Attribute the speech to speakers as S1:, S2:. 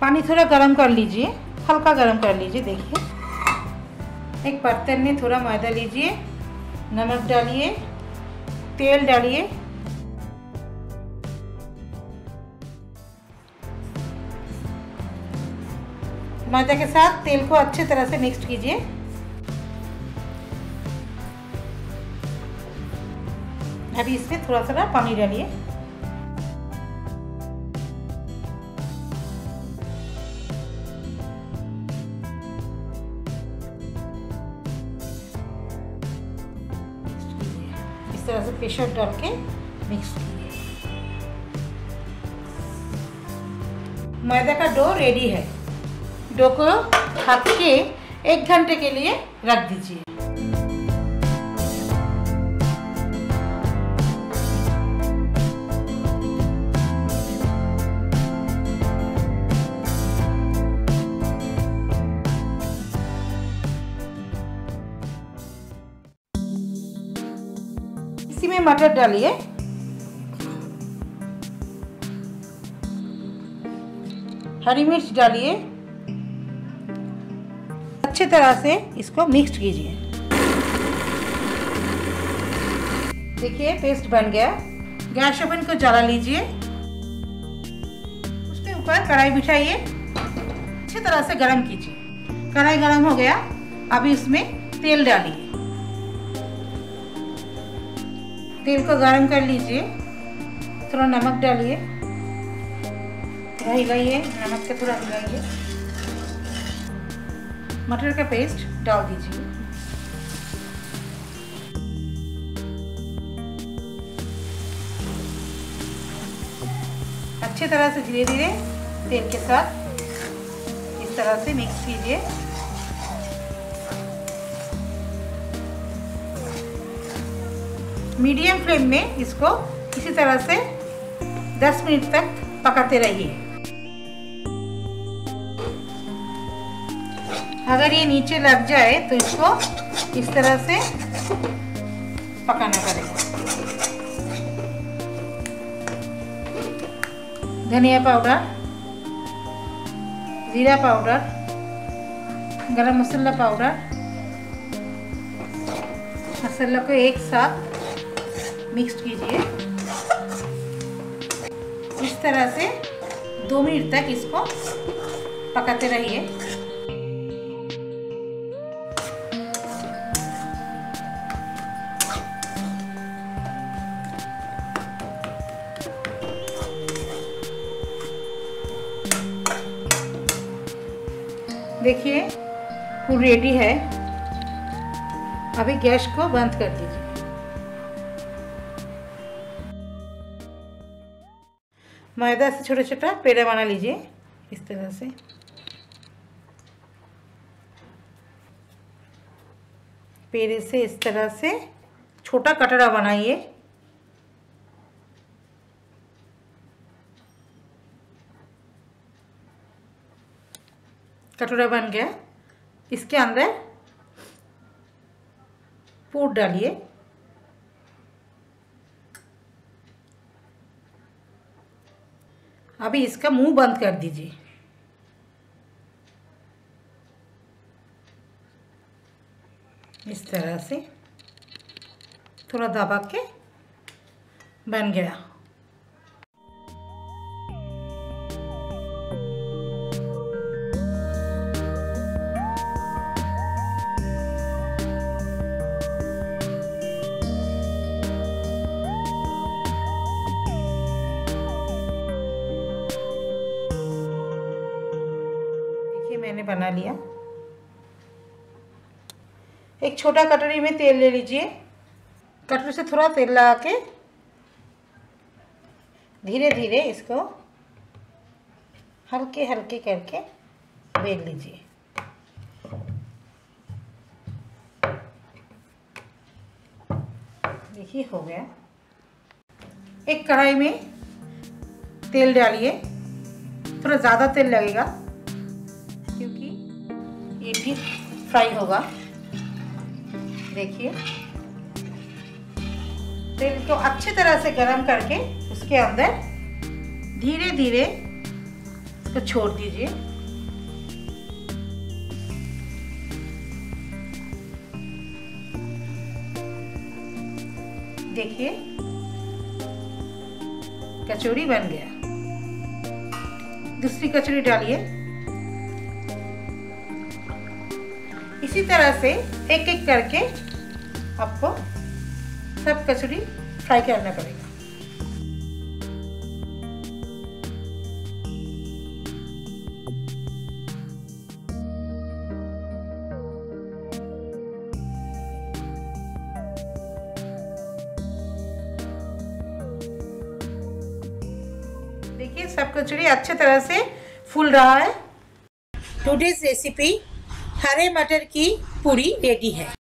S1: पानी थोड़ा गर्म कर लीजिए हल्का गर्म कर लीजिए देखिए एक बर्तन में थोड़ा मैदा लीजिए नमक डालिए तेल डालिए मैदा के साथ तेल को अच्छे तरह से मिक्स कीजिए अभी इसमें थोड़ा थोड़ा पानी डालिए तरह से प्रेशर डाल के मिक्स किए मैदा का डो रेडी है डो को ढक के एक घंटे के लिए रख दीजिए इसी में मटर डालिए हरी मिर्च डालिए अच्छे तरह से इसको मिक्स कीजिए देखिए पेस्ट बन गया गैस ओवन को जला लीजिए उसके ऊपर कढ़ाई बिठाइए अच्छी तरह से गरम कीजिए कढ़ाई गरम हो गया अभी इसमें तेल डालिए तेल को गर्म कर लीजिए थोड़ा नमक डालिए हिलाइए नमक से थोड़ा हिलाइए मटर का पेस्ट डाल दीजिए अच्छी तरह से धीरे धीरे तेल के साथ इस तरह से मिक्स कीजिए मीडियम फ्लेम में इसको इसी तरह से 10 मिनट तक पकाते रहिए अगर ये नीचे लग जाए तो इसको इस तरह से पकाना पड़ेगा धनिया पाउडर जीरा पाउडर गरम मसाला पाउडर मसाला को एक साथ मिक्स कीजिए इस तरह से दो मिनट तक इसको पकाते रहिए देखिए फूल रेडी है अभी गैस को बंद कर दीजिए मैदा से छोटा छोटा पेड़ा बना लीजिए इस तरह से पेड़े से इस तरह से छोटा कटोरा बनाइए कटोरा बन गया इसके अंदर पूड डालिए अभी इसका मुंह बंद कर दीजिए इस तरह से थोड़ा दबा के बन गया बना लिया एक छोटा कटोरी में तेल ले लीजिए कटोरी से थोड़ा तेल लगा के धीरे धीरे इसको हल्के हल्के करके बेल लीजिए देखिए हो गया एक कढ़ाई में तेल डालिए थोड़ा ज़्यादा तेल लगेगा ये भी फ्राई होगा देखिए तेल को अच्छी तरह से गरम करके उसके अंदर धीरे धीरे इसको छोड़ दीजिए देखिए कचौड़ी बन गया दूसरी कचौड़ी डालिए इसी तरह से एक एक करके आपको सब कचौड़ी फ्राई करना पड़ेगा देखिए सब कचड़ी अच्छे तरह से फूल रहा है टूडेज रेसिपी हरे मटर की पूरी रेडी है